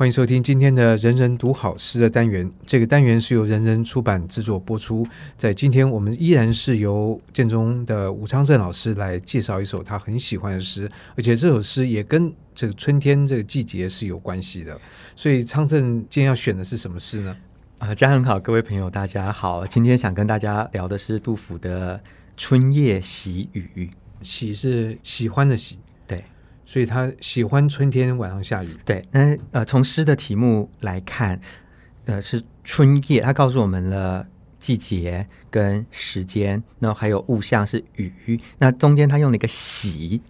歡迎收聽今天的人人讀好詩的單元。這個單元是由人人出版制作播出。在今天，我們依然是由建中的吳昌政老師來介紹一首他很喜歡的詩，而且這首詩也跟這個春天這個季節是有關係的。所以，昌政今天要選的是什麼詩呢？啊，家人好，各位朋友，大家好。今天想跟大家聊的是杜甫的《春夜喜雨》，喜是喜歡的喜。所以他喜歡春天晚上下雨。對，那呃，從詩的題目來看，呃，是春夜，他告訴我們了季節跟時間，然後還有物象是雨。那中間他用了一個喜，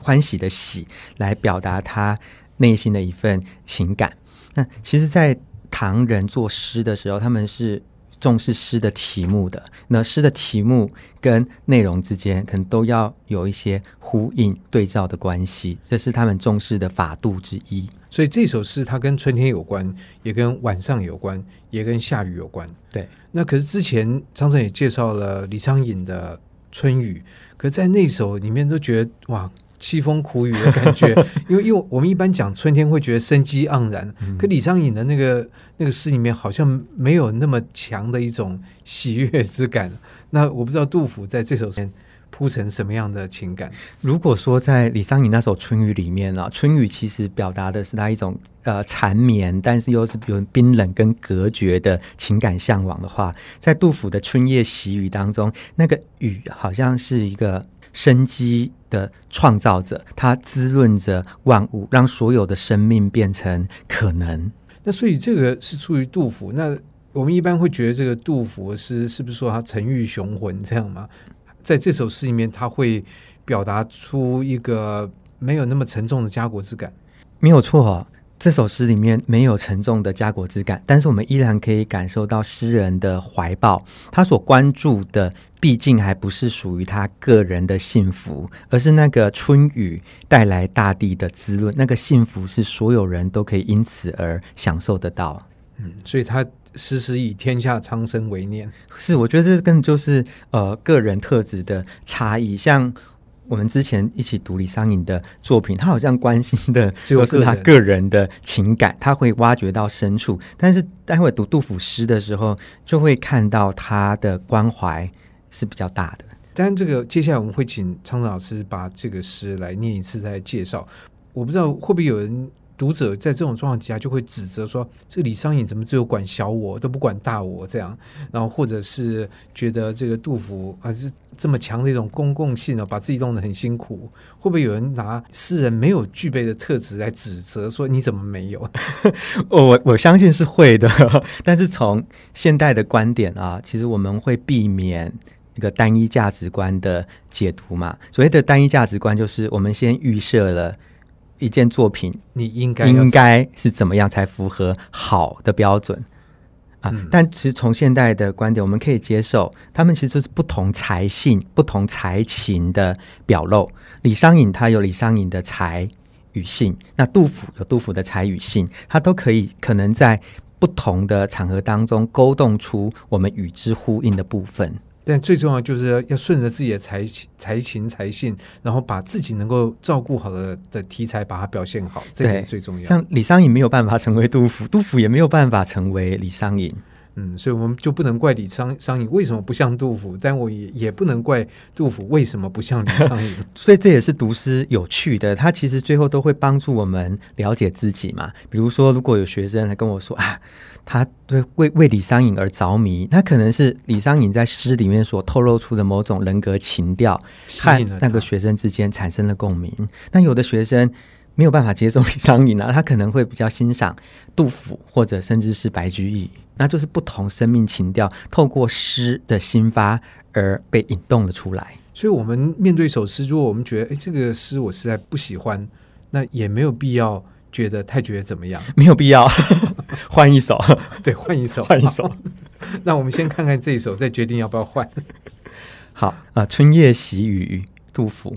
歡喜的喜，來表達他內心的一份情感。那其實，在唐人作詩的時候，他們是。重視詩的題目的，那詩的題目跟內容之間可能都要有一些呼應對照的關係，這是他們重視的法度之一。所以這首詩它跟春天有關，也跟晚上有關，也跟下雨有關。對，那可是之前昌政也介紹了李商隱的《春雨》，可是在那首裡面都覺得哇。淒風苦雨的感覺，因為因為我們一般講春天會覺得生機盎然， 可李商隱的那個那個詩裡面好像沒有那麼強的一種喜悅之感。那我不知道杜甫在這首詩鋪成什麼樣的情感。如果說在李商隱那首《春雨》裡面啊，《春雨》其實表達的是他一種呃纏綿，但是又是比如冰冷跟隔絕的情感向往的話，在杜甫的《春夜喜雨》當中，那個雨好像是一個生機。的創造者，它滋潤着萬物，讓所有的生命變成可能。那所以這個是出於杜甫。那我們一般會覺得這個杜甫是是不是說他沉鬱雄渾這樣嗎？在這首詩裡面，他會表達出一個沒有那麼沉重的家國之感，沒有錯哦。這首詩裡面沒有沉重的家國之感，但是我們依然可以感受到詩人的懷抱。他所關注的，畢竟還不是屬於他個人的幸福，而是那個春雨帶來大地的滋潤。那個幸福是所有人都可以因此而享受得到。嗯，所以他時時以天下蒼生為念。是，我覺得這更就是呃個人特質的差異，像。我們之前一起讀李商隱的作品，他好像關心的就是他個人的情感，他會挖掘到深處。但是待會讀杜甫詩的時候，就會看到他的關懷是比較大的。當然，這個接下來我們會請昌政老師把這個詩來念一次，再介紹。我不知道會不會有人。讀者在這種狀況底下就會指責說，這個李商隱怎麼只有管小我，都不管大我這樣，然後或者是覺得這個杜甫還、啊、是這麼強的一種公共性，把自己弄得很辛苦，會不會有人拿詩人沒有具備的特質來指責說，你怎麼沒有？我我相信是會的，但是從現代的觀點啊，其實我們會避免一個單一價值觀的解讀嘛。所謂的單一價值觀就是我們先預設了。一件作品，你應該應該是怎麼樣才符合好的標準啊？嗯。但其實從現代的觀點，我們可以接受，他們其實是不同才性、不同才情的表露。李商隱他有李商隱的才與性，那杜甫有杜甫的才與性，他都可以可能在不同的場合當中勾動出我們與之呼應的部分。但最重要就是要順着自己的才才情才性，然後把自己能夠照顧好的的題材，把它表現好，這個最重要的。像李商隱沒有辦法成為杜甫，杜甫也沒有辦法成為李商隱。嗯，所以我們就不能怪李商商隱為什麼不像杜甫，但我也也不能怪杜甫為什麼不像李商隱。 所以這也是讀詩有趣的，他其實最後都會幫助我們了解自己嘛。比如說，如果有學生來跟我說啊，他對為為李商隱而着迷，那可能是李商隱在詩裡面所透露出的某種人格情調，和那個學生之間產生了共鳴。但有的學生。沒有辦法接受李商隱啊，他可能會比較欣賞杜甫或者甚至是白居易，那就是不同生命情調透過詩的興發而被引動了出來。所以，我們面對一首詩，如果我們覺得哎，這個詩我實在不喜歡，那也沒有必要覺得太覺得怎麼樣，沒有必要呵呵換一首。 對，換一首，換一首。那我們先看看這一首， 再決定要不要換。好啊，呃《春夜喜雨》杜甫。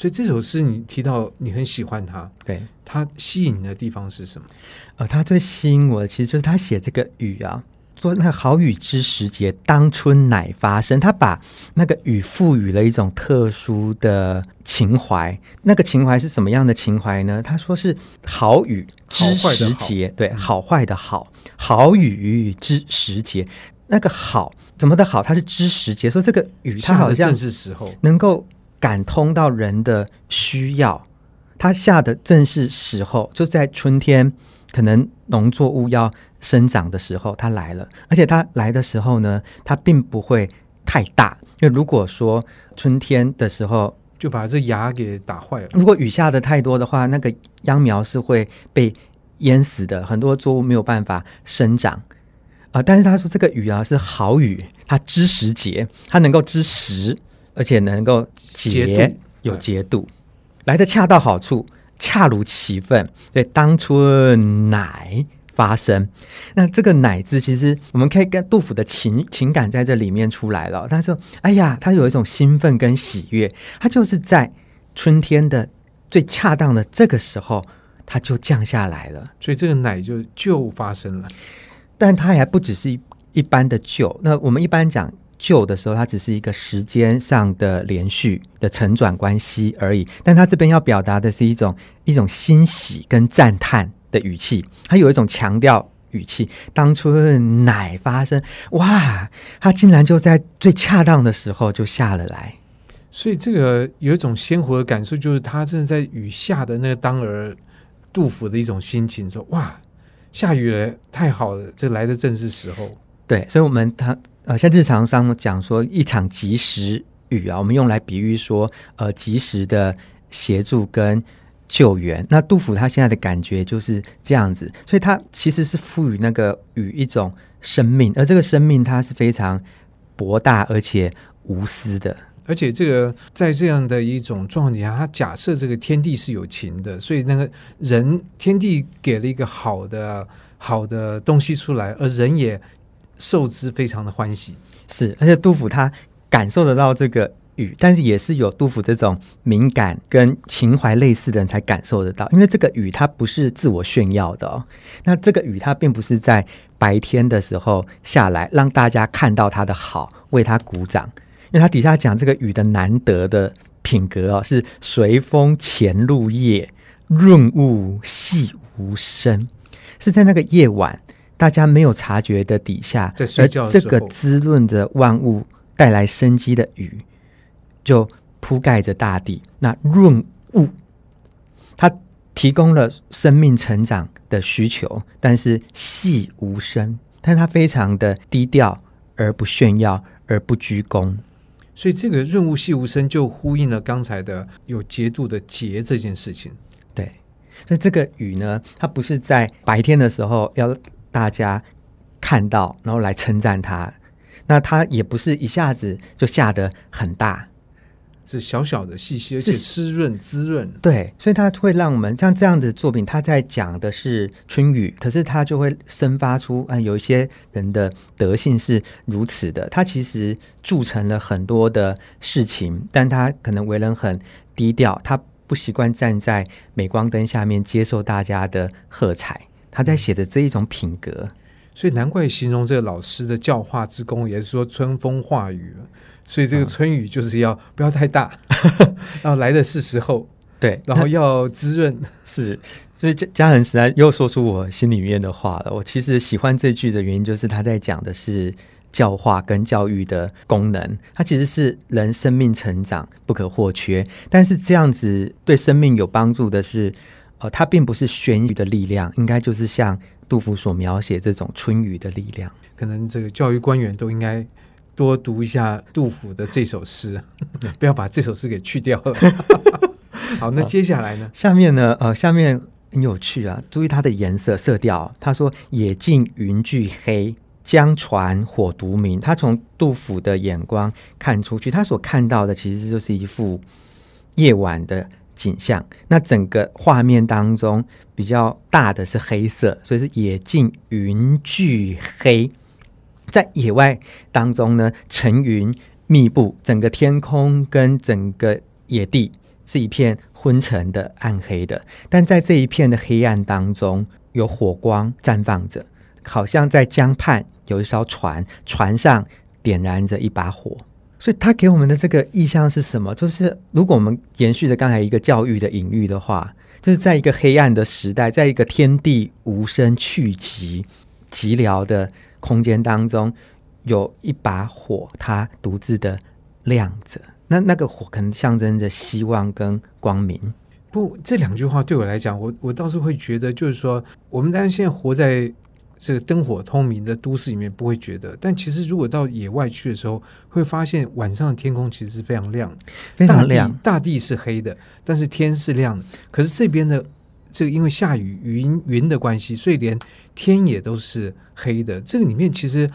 所以這首詩，你提到你很喜歡它，對，它吸引你的地方是什麼？呃，它最吸引我的其實就是他寫這個雨啊，說那好雨知時節，當春乃發生。他把那個雨賦予了一種特殊的情懷，那個情懷是什麼樣的情懷呢？他說是好雨知時節。對，好壞的好，嗯、好雨知時節，那個好怎麼的好？它是知時節，說這個雨它好像正是時候，能夠。感通到人的需要，它下的正是時候，就在春天，可能農作物要生長的時候，它來了。而且它來的時候呢，它並不會太大，因為如果說春天的時候就把這芽給打壞了，如果雨下的太多的話，那個秧苗是會被淹死的，很多作物沒有辦法生長啊，呃。但是他說這個雨啊是好雨，它知時節，它能夠知時。而且能夠節，節有節度，來的恰到好處，恰如其分。所以當春乃發生，那這個“乃字，其實我們可以跟杜甫的情情感在這裡面出來了。他說：“哎呀，他有一種興奮跟喜悅，他就是在春天的最恰當的這個時候，它就降下來了。所以這個‘乃就就發生了，但它還不只是一,一般的就。那我們一般講。”舊的時候，它只是一個時間上的連續的承轉關係而已。但他這邊要表達的是一種一種欣喜跟讚嘆的語氣，他有一種強調語氣。當春乃發生。哇，他竟然就在最恰當的時候就下了來。所以這個有一種鮮活的感受，就是他正在雨下的那個當兒，杜甫的一種心情說：“哇，下雨了，太好了，這來的正是時候。”對，所以我們他。啊、呃，像日常上講說一場及時雨啊，我們用來比喻說，呃，及時的協助跟救援。那杜甫他現在的感覺就是這樣子，所以他其實是賦予那個雨一種生命，而這個生命它是非常博大而且無私的，而且這個在這樣的一種狀態下，他假設這個天地是有情的，所以那個人天地給了一個好的好的東西出來，而人也。受之非常的歡喜，是，而且杜甫他感受得到這個雨，但是也是有杜甫這種敏感跟情懷類似的人才感受得到，因為這個雨它不是自我炫耀的哦，那這個雨它並不是在白天的時候下來讓大家看到他的好，為他鼓掌，因為他底下講這個雨的難得的品格哦，是隨風潛入夜，潤物細無聲，是在那個夜晚。大家沒有察覺的底下，而這個滋潤着萬物，帶來生機的雨，就鋪蓋着大地，那潤物，它提供了生命成長的需求，但是細無聲，但它非常的低調，而不炫耀，而不鞠躬。所以這個潤物細無聲就呼應了剛才的有節度的節這件事情。對，所以這個雨呢，它不是在白天的時候要。大家看到，然後來稱讚他，那他也不是一下子就下得很大，是小小的細細，是濕潤滋潤。對，所以他會讓我們像這樣的作品，他在講的是春雨，可是他就會生發出，啊、嗯，有一些人的德性是如此的，他其實鑄成了很多的事情，但他可能為人很低調，他不習慣站在鎂光燈下面接受大家的喝彩。他在寫的這一種品格，所以難怪形容這個老師的教化之功也是說春風化雨，所以這個春雨就是要不要太大，要、嗯、 來的是時候對，然後要滋潤。是，所以家佳恆實在又說出我心裡面的話了。我其實喜歡這句的原因，就是他在講的是教化跟教育的功能，它其實是人生命成長不可或缺。但是這樣子對生命有幫助的是。哦、呃，它並不是玄疑的力量，應該就是像杜甫所描寫這種春雨的力量。可能這個教育官員都應該多讀一下杜甫的這首詩， 不要把這首詩給去掉了。 好，那接下來呢？下面呢？呃，下面很有趣啊！注意它的顏色、色調、哦。他說：“野徑雲俱黑，江船火獨明。”他從杜甫的眼光看出去，他所看到的其實就是一幅夜晚的景象，那整個畫面當中比較大的是黑色，所以是野徑雲俱黑。在野外當中呢，層雲密布，整個天空跟整個野地是一片昏沉的暗黑的。但在這一片的黑暗當中，有火光綻放着，好像在江畔有一艘船，船上點燃着一把火。所以，他給我們的這個意象是什麼？就是如果我們延續着剛才一個教育的隱喻的話，就是在一個黑暗的時代，在一個天地無聲去、聚集寂寥的空間當中，有一把火，它獨自的亮着。那那個火可能象徵着希望跟光明。不，這兩句話對我來講，我我倒是會覺得，就是說，我們當然現在活在。這個燈火通明的都市裡面不會覺得，但其實如果到野外去的時候，會發現晚上的天空其實是非常亮，非常亮。大地，大地是黑的，但是天是亮的。可是這邊的這個因為下雨雲雲的關係，所以連天也都是黑的。這個裡面其實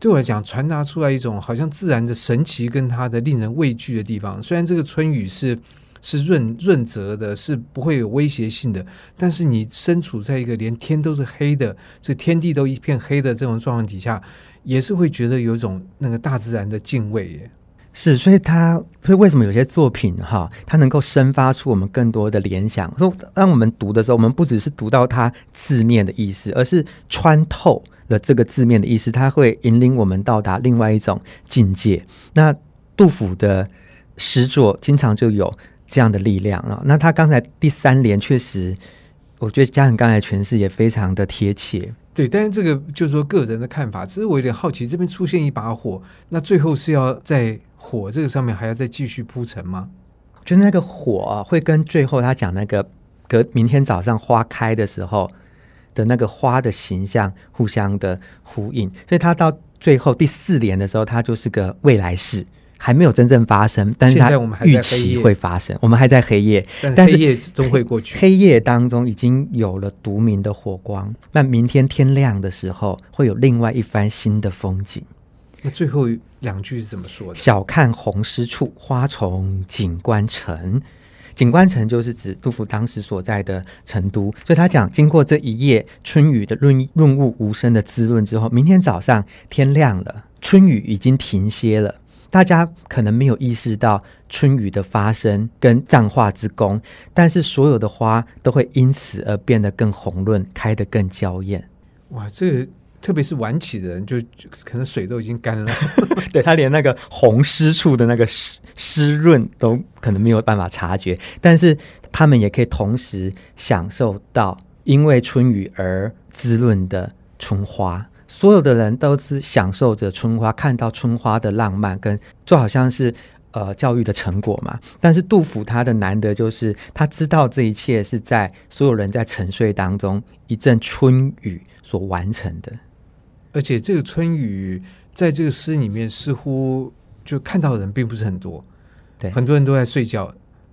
對我來講傳達出來一種好像自然的神奇跟它的令人畏懼的地方。雖然這個春雨是。是潤潤澤的，是不會有威脅性的。但是你身處在一個連天都是黑的，這天地都一片黑的這種狀況底下，也是會覺得有一種那個大自然的敬畏耶。是，所以他，所以為什麼有些作品哈，它能夠生發出我們更多的聯想？說，當我們讀的時候，我們不只是讀到它字面的意思，而是穿透了這個字面的意思，它會引領我們到達另外一種境界。那杜甫的詩作，經常就有這樣的力量啊！那他剛才第三聯確實，我覺得嘉恆剛才詮釋也非常的貼切。對，但是這個就是說個人的看法。只是我有點好奇，這邊出現一把火，那最後是要在火這個上面還要再繼續鋪陳嗎？就那個火會跟最後他講那個隔明天早上花開的時候的那個花的形象互相的呼應，所以他到最後第四聯的時候，他就是個未來式。還沒有真正發生，但是它預期會發生。我們還在黑夜，但是黑夜總會過去黑。黑夜當中已經有了獨明的火光。那明天天亮的時候，會有另外一番新的風景。那最後兩句是怎麼說的？“曉看紅濕處，花重錦官城。”錦官城就是指杜甫當時所在的成都。所以他講，經過這一夜春雨的潤潤物無聲的滋潤之後，明天早上天亮了，春雨已經停歇了。大家可能沒有意識到，春雨的發生跟藏化之功，但是所有的花都會因此而變得更紅潤，開得更嬌豔。哇，這個特別是晚起的人，就，就可能水都已經乾了， 對，他連那個紅濕處的那個濕濕潤都可能沒有辦法察覺，但是他們也可以同時享受到因為春雨而滋潤的春花。所有的人都是享受着春花，看到春花的浪漫，跟就好像是呃教育的成果嘛。但是杜甫他的難得就是他知道這一切是在所有人在沉睡當中一陣春雨所完成的，而且這個春雨在這個詩裡面似乎就看到的人並不是很多，對，很多人都在睡覺。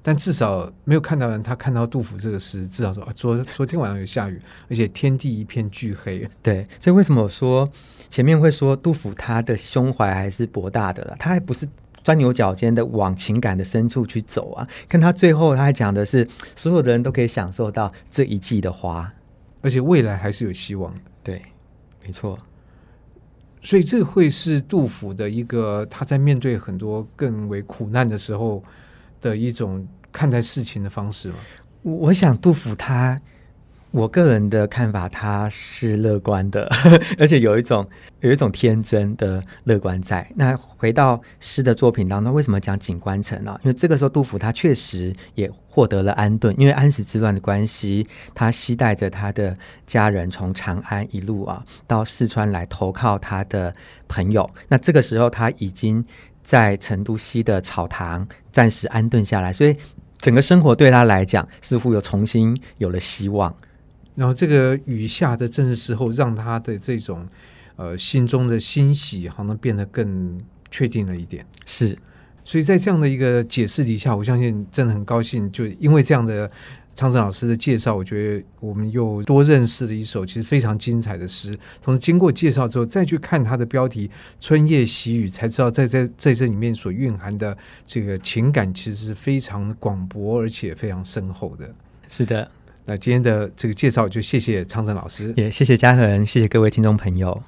但至少沒有看到人，他看到杜甫這個詩，至少說啊，昨昨天晚上有下雨，而且天地一片巨黑。對，所以為什麼我說前面會說杜甫他的胸懷還是博大的了？他還不是鑽牛角尖的往情感的深處去走啊？看他最後他還講的是所有的人都可以享受到這一季的花，而且未來還是有希望的。對，沒錯。所以這會是杜甫的一個他在面對很多更為苦難的時候的一種。看待事情的方式嗎？我，我想杜甫他，我個人的看法，他是樂觀的呵呵，而且有一種有一種天真的樂觀在。那回到詩的作品當中，為什麼講錦官城呢、啊？因為這個時候杜甫他確實也獲得了安頓，因為安史之亂的關係，他攜帶著他的家人從長安一路啊到四川來投靠他的朋友。那這個時候他已經在成都西的草堂暫時安頓下來，所以。整個生活對他來講似乎又重新有了希望，然後這個雨下的正是時候，讓他的這種呃心中的欣喜好像變得更確定了一點。是，所以在這樣的一個解釋底下，我相信真的很高興，就因為這樣的。昌政老師的介紹，我覺得我們又多認識了一首其實非常精彩的詩。同時，經過介紹之後，再去看它的標題《春夜喜雨》，才知道在在在這裡面所蘊含的這個情感，其實是非常廣博而且非常深厚的。是的，那今天的這個介紹就謝謝昌政老師，也謝謝嘉恆，謝謝各位聽眾朋友。